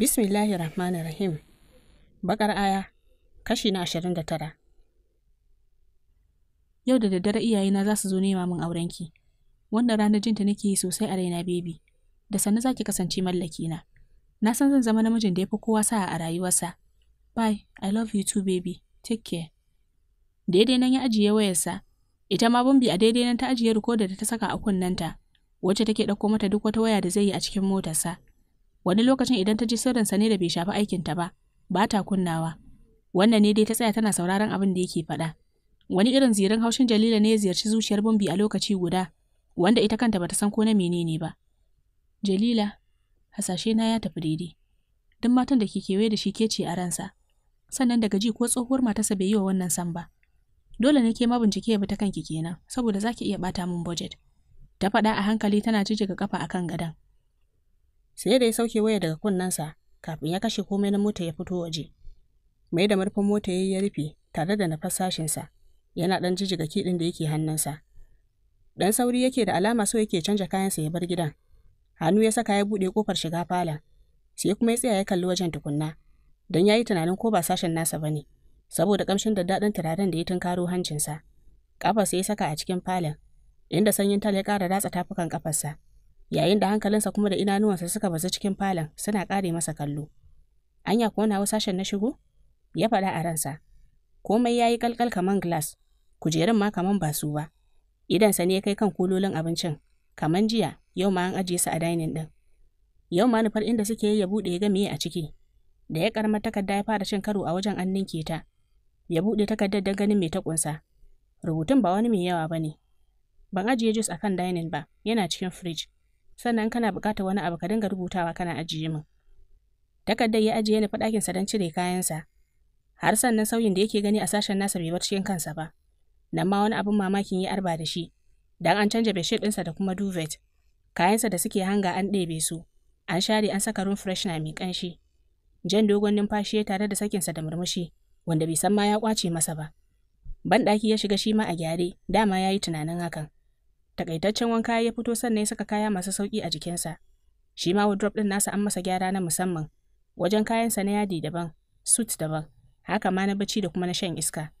Bismillahi Rahmanir Rahim. Bakar aya, kashi na ashirin da tara. Yau da daddare iyayena za su zo nema min aurenki. Wannan ranar jinta nake yi sosai a raina bebi. Da sannu za ki kasance mallaki Na san zan zama namijin da ya fi kowa sa a rayuwarsa. Bye, I love you too baby. Take care. Daidai nan ya ajiye wayarsa. Ita ma Bambi a daidai nan ta ajiye rikodar da ta saka a kunnenta, wacce take ɗauko mata duk wata waya da zai yi a cikin motarsa. wani lokacin idan ta ji sirrinsa ne da bai shafi aikinta ba ba ta kunnawa wannan ne dai ta tsaya tana sauraron abin da yake faɗa wani irin zirin haushin jalila ne ya ziyarci zuciyar bumbi a lokaci guda wanda ita kanta bata san ko na menene ba jalila hasashe na ya tafi daidai duk matan da ke kewaye da shi ke ce a ransa sannan daga ji ko tsohuwar matarsa bai yi wa wannan san ba dole ne ke ma bincike ya bi ta kanki kenan saboda zaki iya bata min budget ta faɗa a hankali tana jijjiga kafa akan gadan sai da ya sauke waya daga kunnensa kafin ya kashe komai na mota ya fito waje mai da murfin mota ya yi ya rufe tare da nafas sashinsa yana ɗan jijjiga kiɗin da yake hannunsa dan sauri yake da alama so yake canja kayansa ya bar gidan hannu ya saka ya buɗe kofar shiga falon. sai kuma ya tsaya ya kalli wajen tukunna don ya yi tunanin ko ba sashen nasa ba ne saboda kamshin da daɗin turaren da ya tunkaro hancinsa ƙafarsa ya saka a cikin falon inda sanyin tal ya ƙara ratsa tafukan ƙafarsa yayin da hankalinsa kuma da inanuwansa suka bazu cikin falon suna kare masa kallo. Anya kuwa nawa sashen na shigo? Ya faɗa a ransa. Komai ya yi ƙalƙal kaman glass, kujerun ma kaman ba su ba. Idansa ne ya kai kan kulolin abincin, kaman jiya, yau ma an ajiye su a dining ɗin. Yau ma nufar inda suke yi ya buɗe ya ga a ciki. Da ya karamar takarda ya fara cin karo a wajen an ninke ta. Ya buɗe takardar don ganin mai ta ƙunsa. Rubutun ba wani mai yawa ba ne. Ban ajiye jus a kan dining ba, yana cikin fridge. sannan kana buƙatar wani abu ka dinga rubutawa kana ajiye min. Takardar ya ajiye ni sa don cire kayansa. Har sannan sauyin da yake gani a sashen nasa bai bar cikin kansa ba. Nan ma wani abin mamakin ya arba da shi. Dan an canja bedsheet ɗinsa da kuma duvet. Kayansa da suke hanga an ɗebe su. An share an saka room freshener mai ƙanshi. Jan dogon numfashi ya tare da sakinsa da murmushi, wanda bai san ma ya kwace masa ba. Banɗaki ya shiga shi ma a gyare, dama ya yi tunanin hakan. takaitaccen wanka ya fito sannan ya saka kaya masu sauki a jikinsa shi ma wardrobe din nasa an masa gyara na musamman wajen kayansa na yadi daban suit daban haka ma na bacci da kuma na shan iska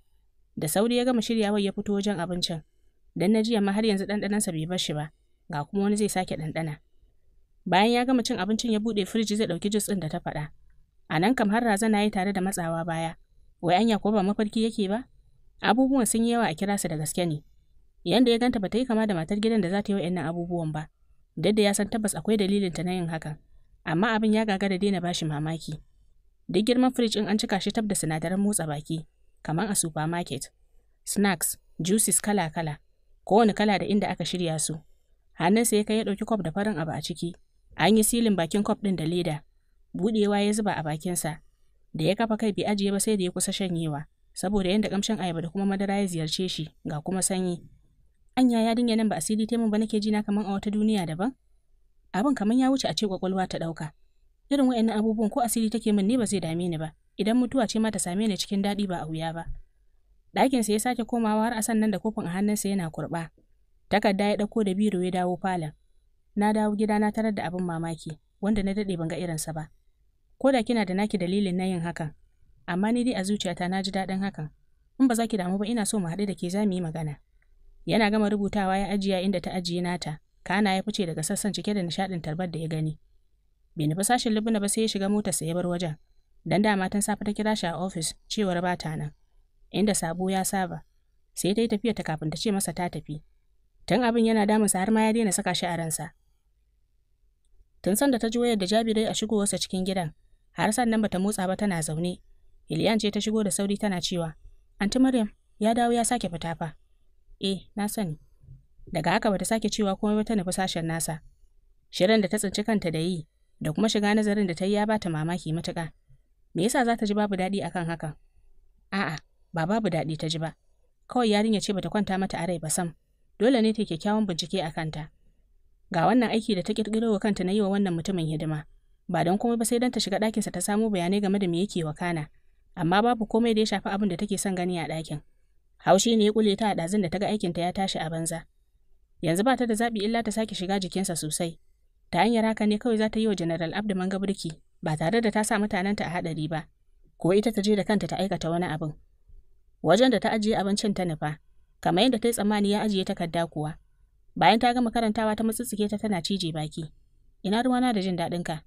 da sauri ya gama wai ya fito wajen abincin dan na jiya ma har yanzu ɗanɗanansa bai bar shi ba ga kuma wani zai sake ɗanɗana bayan ya gama cin abincin ya buɗe firiji zai ɗauki jus ɗin da ta faɗa a nan kam har razana yi tare da matsawa baya wai anya ko ba mafarki yake ba abubuwan sun yi yawa a kira su da gaske ne Yanda ya ganta bata yi kama da matar gidan da za ta yi wa'annan abubuwan ba, duk da ya san tabbas akwai dalilin ta na yin hakan, amma abin ya gagara daina bashi mamaki. Duk girman firij in an cika shi tab da sinadaran motsa baki, kamar a supermarket. Snacks, juices kala-kala, kowane kala da inda aka shirya su. Hannunsa ya kai ya ɗauki kwaf da farin abu a ciki. An yi silin bakin kwaf ɗin da leda. Budewa ya zuba a bakinsa. Da ya kafa kai bi ajiye ba sai da ya kusa shanyewa, saboda yanda kamshin ayaba da kuma madara ya ziyarce shi ga kuma sanyi. anya dinga nan ba asiri ta min ba nake jina kaman a wata duniya daban abin kaman ya wuce a ce kwakwalwa ta dauka irin wayannan abubuwan ko asiri take min ne ba zai dame ni ba idan mutuwa ce ma ta same ni cikin daɗi ba a wuya ba ɗakinsa ya sake komawa har a nan da kofin a hannunsa yana kurɓa takarda ya dauko da biro ya dawo falon na dawo gida na tarar da abin mamaki wanda na dade ban ga irinsa ba ko da kina da naki dalilin na yin hakan amma ni dai a zuciyata na ji daɗin hakan in ba za ki damu ba ina so mu haɗu da ke za mu yi magana Yana gama rubutawa ya ajiya inda ta ajiye nata, kana ya fice daga sassan cike da nishaɗin tarbar da ya gani. Bai nufi sashin Libna ba sai ya shiga motarsa ya bar wajen, dan dama tun safe ta kira shi a ofis cewar ba ta nan, inda sabo ya saba. Sai ta yi tafiya ta kafin ta ce masa ta tafi. Tun abin yana damun sa har ma ya daina saka shi a ransa. Tun sanda ta ji wayar da Jabirai a shigowarsa cikin gidan, har sannan bata motsa ba tana zaune. Iliyan ce ta shigo da sauri tana cewa, "Anti Maryam, ya dawo ya sake fita fa." Eh, na sani. Daga haka bata sake cewa komai ba ta nufi sashen nasa. Shirin da ta tsinci kanta da yi, da kuma shiga nazarin da ta yi ya bata mamaki matuƙa. Me yasa za ta ji babu daɗi akan hakan? A'a, ba babu daɗi ta ji ba. Kawai yarinya ce bata kwanta mata a rai ba sam. Dole ne ta kyakkyawan bincike a kanta. Ga wannan aiki da ta ƙirƙiro wa kanta na yi wa wannan mutumin hidima. Ba don komai ba sai don ta shiga ɗakinsa ta samo bayanai game da me yake kana amma babu komai da ya shafi abin da take son gani a ɗakin. Haushi ne ya kule ta a ɗazun da ta ga aikinta ya tashi a banza. Yanzu ba ta da zaɓi illa ta sake shiga jikinsa sosai. Ta hanyar haka ne kawai za ta yi wa General Abdu manga burki ba tare da ta sa mutanenta a haɗari ba, ko ita ta je da kanta ta aikata wani abin. Wajen da ta ajiye abincin ta nufa, kamar yadda ta yi tsammani ya ajiye takarda kuwa. Bayan ta gama karantawa ta matsitsike ta tana cije baki. Ina ruwa na da jin daɗin ka.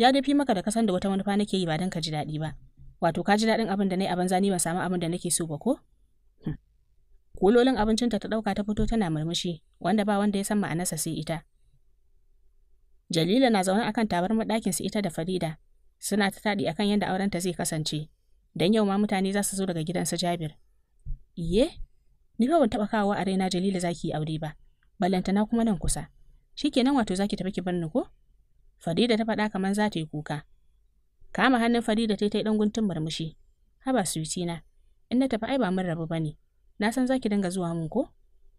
Ya dafi maka da kasan da wata manufa nake yi ba don ka ji daɗi ba. Wato ka ji daɗin abin da na yi a banza ni ban samu abin da nake so ba ko? Kulolin abincinta ta ɗauka ta fito tana murmushi, wanda ba wanda ya san ma'anarsa sai ita. Jalila na zaune akan tabarmar ɗakinsu ita da Farida, suna ta taɗi akan yadda aurenta zai kasance, don yau ma mutane za su zo daga sa Jabir. Iye, ni ba ban taɓa kawo a raina Jalila za ki yi aure ba, na kuma nan kusa. Shi Shikenan wato za ki tafi ki bar ni ko? Farida ta faɗa kamar za ta yi kuka. Kama hannun Farida ta yi ta ɗan guntun murmushi. Haba na in na tafi ai ba mun rabu ba ne. Na san zaki ki dinga zuwa mun ko?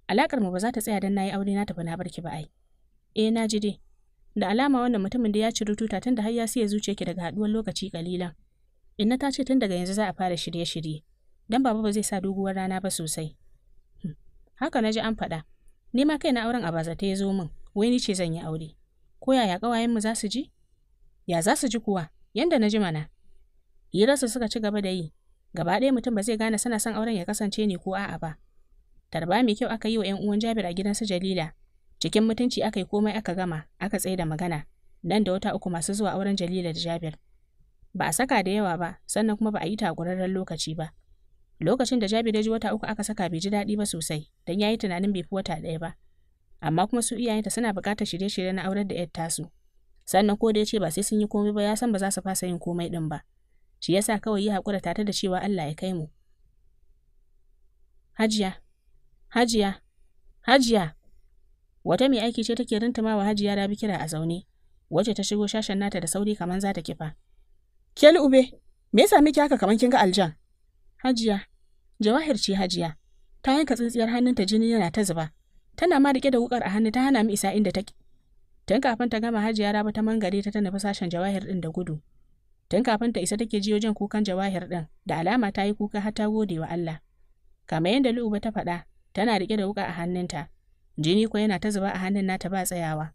Alakar mu ba za ta tsaya don na aure na tafi na barki ba ai. Eh na ji dai. Da alama wannan mutumin da ya ci rututa tun da har ya siya ki daga haduwar lokaci kalilan. Inna ta ce tun daga yanzu za a fara shirye-shirye. Dan baba ba zai sa doguwar rana ba sosai. Hmm. Haka na ji an faɗa. Ni ma na auren a ta ya zo min. Wai ni ce zan yi aure. Ko yaya ƙawayenmu za su ji? Ya za su ji kuwa? Yanda na ji mana. rasa suka ci gaba da yi, Gaba ɗaya mutum ba zai gane sana son auren ya kasance ne ko a'a ba. Tarba mai kyau aka yi wa 'yan uwan Jabir a gidan su Jalila. Cikin mutunci aka yi komai aka gama, aka tsaye da magana. Nan da wata uku masu zuwa auren Jalila da Jabir. Ba a saka da yawa ba, sannan kuma ba a yi takurarren lokaci ba. Lokacin da Jabir ya ji wata uku aka saka bai ji daɗi ba sosai, don ya yi tunanin bai fi wata ɗaya ba. Amma kuma su iyayenta suna buƙatar shirye-shirye na aurar da 'yar tasu. Sannan ko da ya ce ba sai sun yi komai ba ya san ba za su fasa yin komai ɗin ba. shi yasa kawai yi haƙura tare da cewa Allah ya kai mu. Hajiya, Hajiya, Hajiya, wata mai aiki ce take rintamawa Hajiya Rabi kira a zaune, Wace ta shigo shashen nata da sauri kamar za ta kifa. Kyal ube, me yasa miki haka kamar kin ga aljan? Hajiya, Jawahir ce Hajiya, ta yanka tsintsiyar hannunta jini yana ta zuba. Tana ma rike da wukar a hannu ta hana mu isa inda take. Tun kafin ta gama Hajiya Raba ta mangare ta ta nufi sashen Jawahir ɗin da gudu. Tun kafin ta isa take jiyo jin kukan jawahir ɗin, da alama ta yi kuka har ta gode wa Allah. Kamar yadda Lu'uba ta faɗa, tana riƙe da wuƙa a hannunta. Jini ko yana ta zuba a hannun nata ba tsayawa.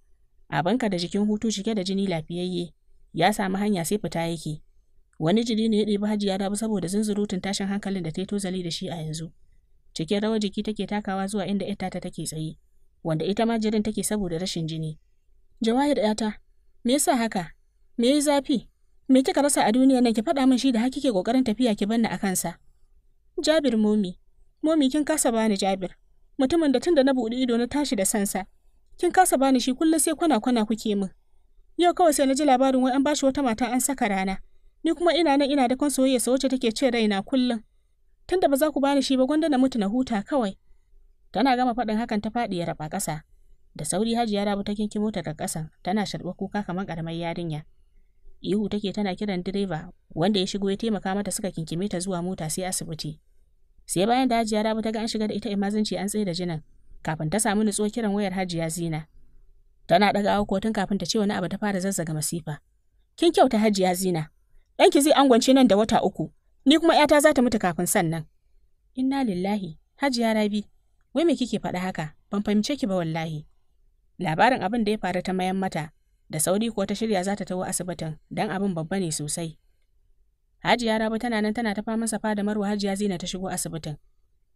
banka da jikin hutu cike da jini lafiyayye, ya samu hanya sai fita yake. Wani jini ne ya ɗebi hajiya rabu saboda zunzurutun tashin hankalin da ta yi tozali da shi a yanzu. Cikin rawar jiki take takawa zuwa inda ita ta take tsaye, wanda ita ma jirin take saboda rashin jini. Jawahir ‘yata, me yasa haka? Me yi zafi? Me kika rasa a duniyar nan ki faɗa min shi da har kike kokarin tafiya ki banna a kansa. Jabir Momi, Momi kin kasa bani Jabir. Mutumin da tun da na buɗe ido na tashi da sansa. Kin kasa bani shi kullum sai kwana kwana kuke min. Yau kawai sai na ji labarin wai an bashi wata mata an saka rana. Ni kuma ina nan ina da kan soyayyarsa wacce take ce raina kullum. Tunda ba za ku bani shi ba gwanda na mutu na huta kawai. Tana gama faɗin hakan ta faɗi ya raba ƙasa. Da sauri Hajiya Rabu ta kinki motar da ƙasan tana sharɓar kuka kamar ƙaramar yarinya. Ihu take tana kiran direba wanda ya shigo ya taimaka mata suka kinkime ta zuwa mota sai asibiti. Sai bayan da Hajiya Rabi ta ga an shiga da ita imazinci an tsaye da jinin kafin ta samu nutsuwa kiran wayar Hajiya Zina. Tana ɗaga kotun kotun kafin ta ce wani abu ta fara zazzaga masifa. Kin kyauta Hajiya Zina. Ɗanki zai angwance nan da wata uku. Ni kuma ‘yata za ta mutu kafin sannan. Inna lillahi, Hajiya Rabi, wai me kike faɗa haka? Ban fahimce ki ba wallahi. Labarin abin da ya faru ta mayan mata, da sauri ko ta shirya za ta tawo asibitin don abin babba ne sosai. Hajiya Rabi tana nan tana ta masa safa Marwa Hajiya Zina ta shigo asibitin.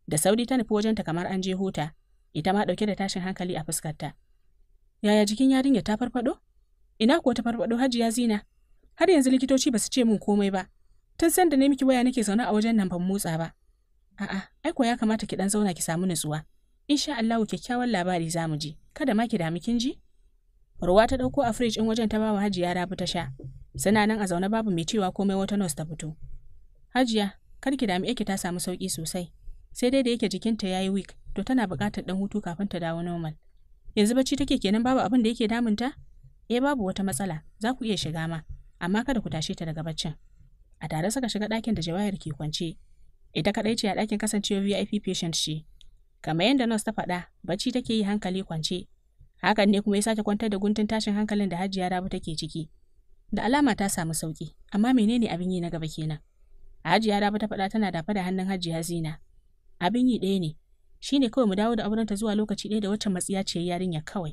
Da sauri ta nufi wajenta kamar an je hota, ita ma ɗauke da tashin hankali a fuskarta. Yaya jikin yarinya ta farfado? Ina kuwa ta farfado Hajiya Zina? Har yanzu likitoci ba su ce min komai ba. Tun san da ne miki waya nake zaune a wajen nan ban motsa ba. A'a, ai ko ya kamata ki dan zauna ki samu nutsuwa. Insha Allah kyakkyawan labari za mu ji. Kada ma ki dami kin ji? ruwa ta ɗauko a firij in wajen ta bawa hajiya rabi ta sha suna nan a zaune babu mai cewa komai wata nos ta fito hajiya kar ki dami ki ta samu sauki sosai sai dai da yake jikinta ya yi weak to tana buƙatar ɗan hutu kafin ta dawo normal yanzu bacci take kenan babu abin da yake damunta eh babu wata matsala za ku iya shiga ma amma kada ku tashe ta daga baccin a tare suka shiga ɗakin da jawayar ke kwance ita kaɗai ce a ɗakin kasancewa vip patient ce kamar yadda nurse ta faɗa bacci take yi hankali kwance hakan ne kuma ya sake kwantar da guntun tashin hankalin da hajiya rabu take ciki da alama ta samu sauki amma menene abin yi na gaba kenan hajiya rabu ta faɗa tana dafa da hannun hajiya zina abin yi ɗaya ne shine kawai mu dawo da aurenta zuwa lokaci ɗaya da wacce matsiya ce yarinya kawai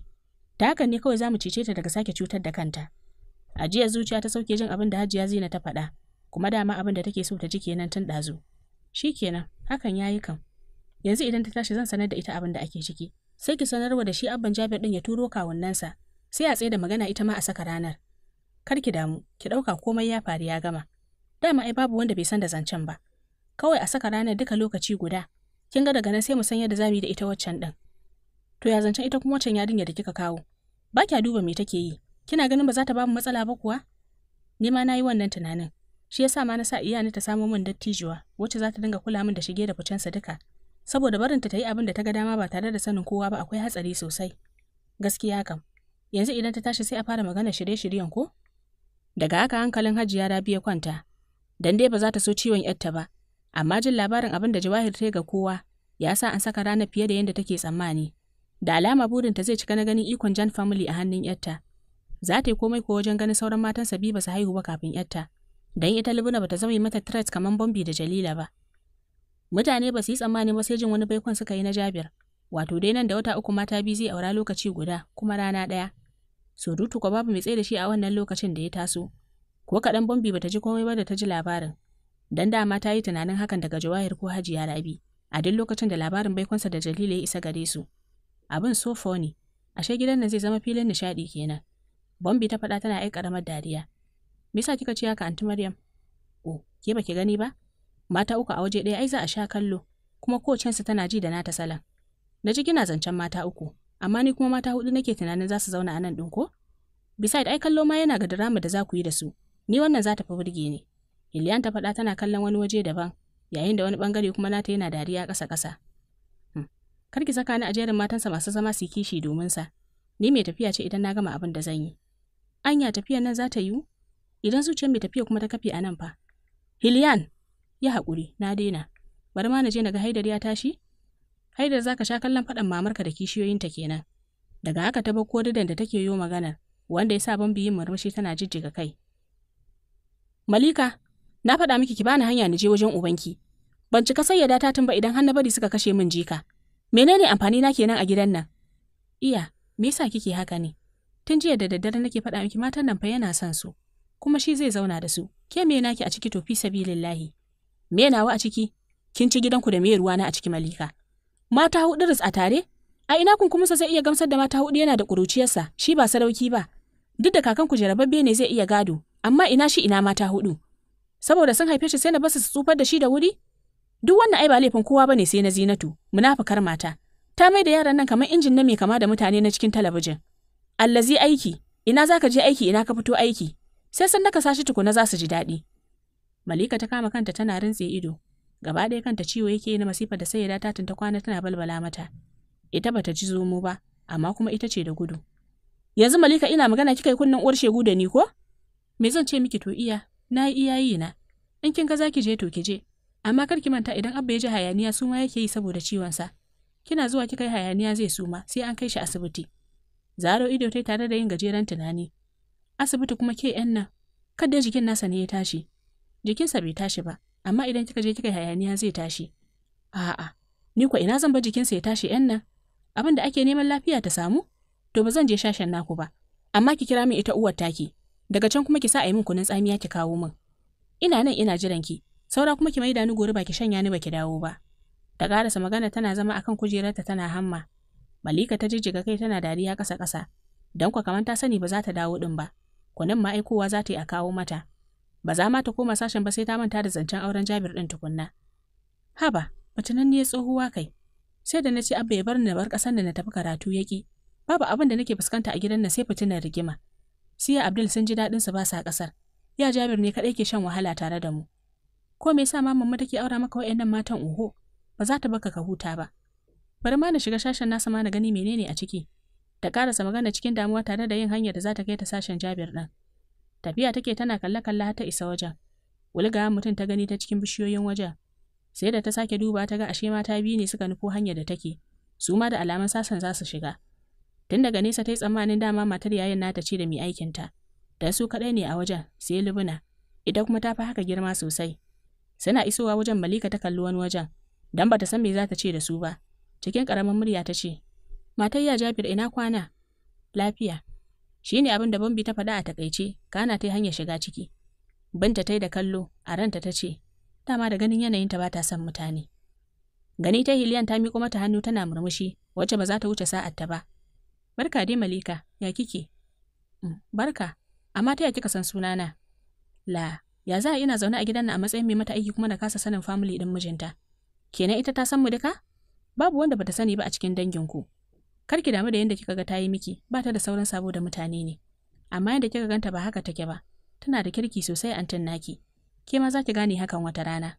ta hakan ne kawai za mu cece ta daga sake cutar da kanta ajiya zuciya ta sauke jin abin da hajiya zina ta faɗa kuma dama abin da take so ta ji kenan tun ɗazu kenan, hakan yayi kan yanzu idan ta tashi zan sanar da ita abin da ake ciki sai ki sanarwa da shi abban Jabir din ya turo kawunnansa sai a tsaye da magana ita ma a saka ranar kar ki damu ki dauka komai ya faru ya gama dama ai babu wanda bai san da zancen ba kawai a saka ranar duka lokaci guda kin ga daga nan sai mu san yadda zamu yi da ita waccan din to ya zancen ita kuma waccan yarinya da kika kawo ba kya duba me take yi kina ganin ba za ta ba mu matsala ba kuwa ni ma nayi wannan tunanin shi yasa ma na sa iyani ta samo min dattijuwa wacce za ta dinga kula min da shige da ficensa duka saboda barin ta yi abin da ta ga dama ba tare da sanin kowa ba akwai hatsari sosai. Gaskiya kam, yanzu idan ta tashi sai a fara magana shirye-shiryen ko? Daga haka hankalin Hajiya Rabi ya kwanta, dan dai ba za ta so ciwon yarta ba, amma jin labarin abin da Jawahir ta ga kowa ya sa an saka rana fiye da yadda take tsammani. Da alama burin ta zai cika na ganin ikon Jan family a hannun yarta. Za ta yi komai ko wajen ganin sauran matan Sabi ba su haihu ba kafin yarta. Dan ita ba bata zama mata threat kamar Bombi da Jalila ba. Mutane ba su yi tsammani ba sai jin wani baikon suka yi na Jabir. Wato dai nan da wata uku mata biyu zai aura lokaci guda kuma rana ɗaya. Surutu ko babu mai tsaye da shi a wannan lokacin da ya taso. Ko kaɗan Bombi bata ji komai ba da ta ji labarin. Dan dama ta yi tunanin hakan daga Jawahir ko Hajiya Rabi. A duk lokacin da labarin baikonsa da Jalila ya isa gare su. Abin so funny. Ashe gidan nan zai zama filin nishaɗi kenan. Bombi ta faɗa tana aika ƙaramar dariya. Me yasa kika ce haka Aunty Maryam? Oh, ke baki gani ba? mata uku a waje ɗaya ai za a sha kallo kuma kowacensu tana ji da nata salon na ji kina zancen mata uku amma ni kuma mata hudu nake tunanin za su zauna a nan ɗin ko beside ai kallo ma yana ga drama da za ku yi da su ni wannan za ta fi burge ni Iliyan ta faɗa tana kallon wani waje daban yayin da wani bangare kuma nata yana dariya ƙasa-ƙasa. Hmm. Kar ki saka ni a jerin matansa masu zama su kishi domin sa. Ni mai tafiya ce idan na gama abin da zan yi. Anya tafiya nan za ta yiwu? Idan zuciyar mai tafiya kuma ta kafi a nan fa. Hiliyan, yi haƙuri na daina bari ma na je naga haidar ya tashi haidar zaka sha kallon faɗan mamarka da kishiyoyinta kenan daga haka ta bakko didan da take yo maganar wanda ya sa ban biyin murmushi tana jijjiga kai malika na faɗa miki ki bani hanya na je wajen ubanki ban cika sayyada ta tun ba idan har bari suka kashe min jika menene amfani na kenan a gidan nan iya me yasa kike haka ne tun jiya da daddare nake faɗa miki matan nan fa yana son su kuma shi zai zauna da su ke me naki a ciki to fi sabilillahi me nawa a ciki kin ci gidanku da me ruwana a ciki malika mata hudu a tare a ina kun kuma sai iya gamsar da mata hudu yana da kuruciyarsa shi ba sarauki ba duk da kakan ku jarababbe ne zai iya gado amma ina shi ina mata huɗu? saboda sun haife shi sai na basu su tsufar da shi da wuri duk wannan ai ba laifin kowa bane sai na zinatu munafikar mata ta mai da yaran nan kamar injin na mai kama da mutane na cikin talabijin allazi aiki ina zaka je aiki ina ka fito aiki sai san naka sashi tukuna za su ji daɗi Malika ta kama kanta tana rintse ido. Gaba ɗaya kanta ciwo yake na masifa da sai ya ta kwana tana balbala mata. Ita bata ji zomo ba, amma kuma ita ce da gudu. Yanzu Malika ina magana kika yi kunnen uwar shegu da ni ko? Me zan ce miki to iya, na yi iyayi na. In kin ga za ki je to ki je. Amma kar ki manta idan Abba ya ji hayaniya su ma yake yi saboda ciwon sa. Kina zuwa kika yi hayaniya zai suma sai an kai shi asibiti. Zaro ido tai tare da yin gajeren tunani. Asibiti kuma ke yan nan. Kadda jikin nasa ne ya tashi. jikinsa bai tashi ba amma idan kika je kika hayaniya zai tashi a'a ni ko ina zan ba jikinsa ya tashi yan nan abin da ake neman lafiya ta samu to ba zan je shashen naku ba amma ki kira min ita uwar taki daga can kuma ki sa a yi min kunun tsamiya ki kawo min ina nan ina jiran ki saura kuma ki mai da ni gobe ba ki shanya ni ba ki dawo ba ta karasa magana tana zama akan kujerarta tana hamma malika ta jijjiga kai tana dariya ƙasa ƙasa Dan kwa kamar ta sani ba za ta dawo ɗin ba Kunun ma aikowa za ta yi a kawo mata Ba za ma ta koma sashen ba sai ta manta da zancen auren Jabir ɗin tukunna. Haba, nan ne ya tsohuwa kai. Sai da na ce abba ya bar ni na bar kasan da na tafi karatu yaƙi. Babu abin da nake fuskanta a gidan na sai fitinar rigima. Siya Abdul sun ji daɗin su ba sa ƙasar. Ya Jabir ne kaɗai ke shan wahala tare da mu. Ko me yasa mu take aura maka wayannan matan oho? Ba za ta baka ka huta ba. Bari ma na shiga sashen nasa ma na gani menene a ciki. Ta karasa magana cikin damuwa tare da yin hanyar da za ta kai ta sashen Jabir ɗin. Tafiya take tana kalle-kalle ta isa wajen. Wulga mutum ta gani ta cikin bishiyoyin wajen. Sai da ta sake duba ta ga ashe mata biyu ne suka nufo hanyar da take. Su ma da alaman sasan za su shiga. Tun daga nesa ta yi tsammanin dama matar yayin nata ce da mai aikinta. Da su kaɗai ne a wajen sai lubuna. Ita kuma ta fi haka girma sosai. Suna isowa wajen Malika ta kalli wani wajen. Dan ta san me za ta ce da su ba. Cikin ƙaramin murya ta ce, Matar ya Jabir ina kwana? Lafiya. Shi ne abin da Bambi ta faɗa a takaice, kana ta hanyar shiga ciki. Binta ta yi da kallo, a ranta ta ce, dama da ganin yanayinta ba ta son mutane. Gani ta Hiliyan ta miƙo mata hannu tana murmushi, wacce ba za ta wuce sa'ar ta ba. Barka dai Malika, ya kike? Mm, barka, amma ta ya kika san sunana? La, ya za a ina zaune a gidan a matsayin mai mata aiki kuma na kasa sanin family ɗin mijinta. Kenan ita ta san mu duka? Babu wanda bata sani ba a cikin danginku. ku. Kar ki damu da yadda kika ga ta yi miki, ba ta da sauran sabo da mutane ne. Amma yadda kika ganta ba haka take ba, tana da kirki sosai antin naki. Ke ma za ki gane hakan wata rana.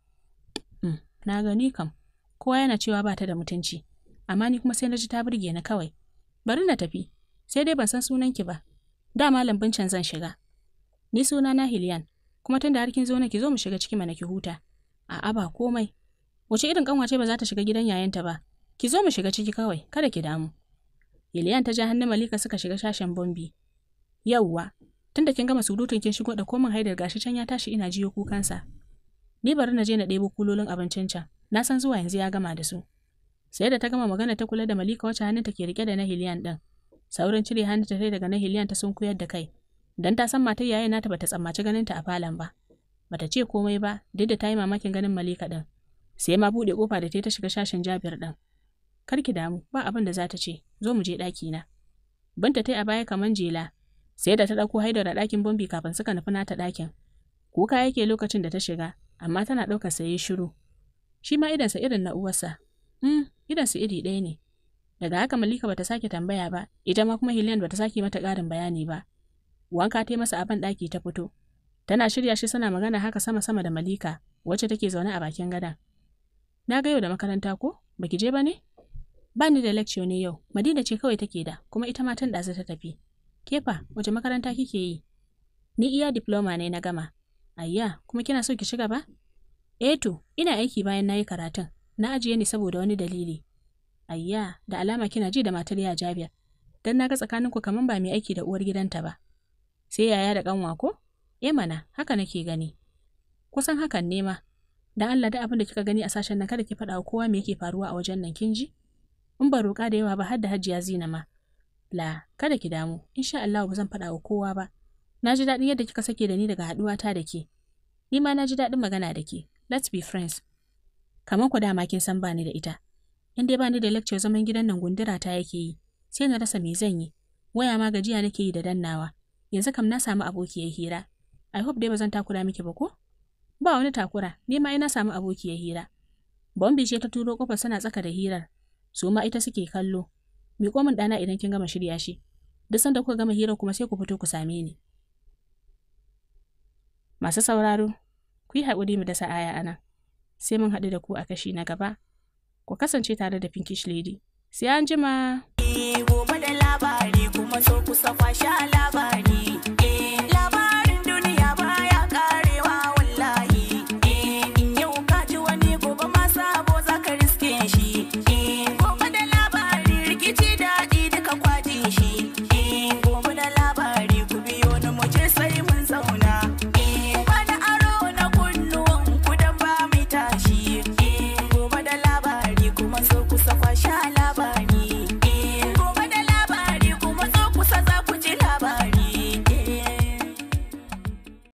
Mm, na gani kam, kowa yana cewa ba ta da mutunci, amma ni kuma sai na ji ta burge na kawai. Bari na tafi, sai dai ban san sunan ki ba. Da malam bincan zan shiga. Ni suna na Hiliyan, kuma tun da har kin zo na ki zo mu shiga ciki mana ki huta. A'a ba komai. Wace irin kanwace ba za ta shiga gidan yayanta ba? Ki zo mu shiga ciki kawai, kada ki damu. Iliyan ta ja hannun Malika suka shiga sashen bombi. Yauwa, tun da kin gama surutun kin shigo da komin haidar gashi can ya tashi ina jiyo kukansa. Ni bari na je na ɗebo kulolin abincin can, na san zuwa yanzu ya gama da su. Sai da ta gama magana ta kula da Malika wacce hannunta ke rike da na Hiliyan ɗin. Saurin cire hannunta ta daga na Hiliyan ta sun koyar da kai, Dan ta san matar yayin nata bata tsammaci ta a falon ba. Bata ce komai ba, duk da ta yi mamakin ganin Malika ɗin. Sai ma buɗe ƙofa da ta shiga sashen Jabir ɗin. Kar ki damu, ba abin da za ta ce. zo mu je ɗaki na. Binta ta a baya kamar jela, sai da ta ɗauko haidar da ɗakin bombi kafin suka nufi nata ɗakin. Kuka yake lokacin da ta shiga, amma tana ɗaukar saye shiru. Shi ma idansa irin na uwarsa. Mm, idansa iri ɗaya ne. Daga haka Malika bata sake tambaya ba, ita ma kuma Helen bata sake mata ƙarin bayani ba. Wanka ta masa a ban ɗaki ta fito. Tana shirya shi suna magana haka sama-sama da Malika, wacce take zaune a bakin gadan. Na ga yau da makaranta ko? Baki je ba ne? Ba ni da lecture ne yau, Madina ce kawai take da, kuma ita matan da za ta tafi. Kefa, wace makaranta kike yi? Ni iya diploma ne na gama. Ayya, kuma kina so ki shiga ba? Eh to, ina aiki bayan nayi karatun, na ajiye ni saboda wani dalili. Ayya, da alama kina ji da matar ya jabiya. Dan naga tsakanin ku kaman ba mai aiki da uwar gidanta ba. Sai yaya da kanwa ko? Eh mana, haka nake gani. Kusan hakan ne ma. Dan Allah da abin da kika gani a sashen nan kada ki faɗa kowa me yake faruwa a wajen nan kin ji? in ba roƙa da yawa ba har da hajiya zina ma la kada ki damu insha Allah ba zan faɗa wa kowa ba na ji daɗin yadda kika sake da ni daga ta da ke ni ma na ji daɗin magana da ke let's be friends kamar ku dama kin san bani da ita in dai bani da lecture zaman gidan nan gundura ta yake yi sai na rasa me zan yi waya ma gajiya nake yi da dannawa yanzu kam na samu abokiyar hira i hope dai ba zan takura miki ba ko ba wani takura ni ma ina samu abokiyar hira bombi ce ta turo kofar sana tsaka da hirar su ma ita suke kallo miƙo min ɗana idan kin gama shirya shi duk sanda kuka gama hirar kuma sai ku fito ku same ni masu sauraro ku yi haƙuri mu da aya ana sai mun haɗu da ku a kashi na gaba ku kasance tare da pinkish lady sai an jima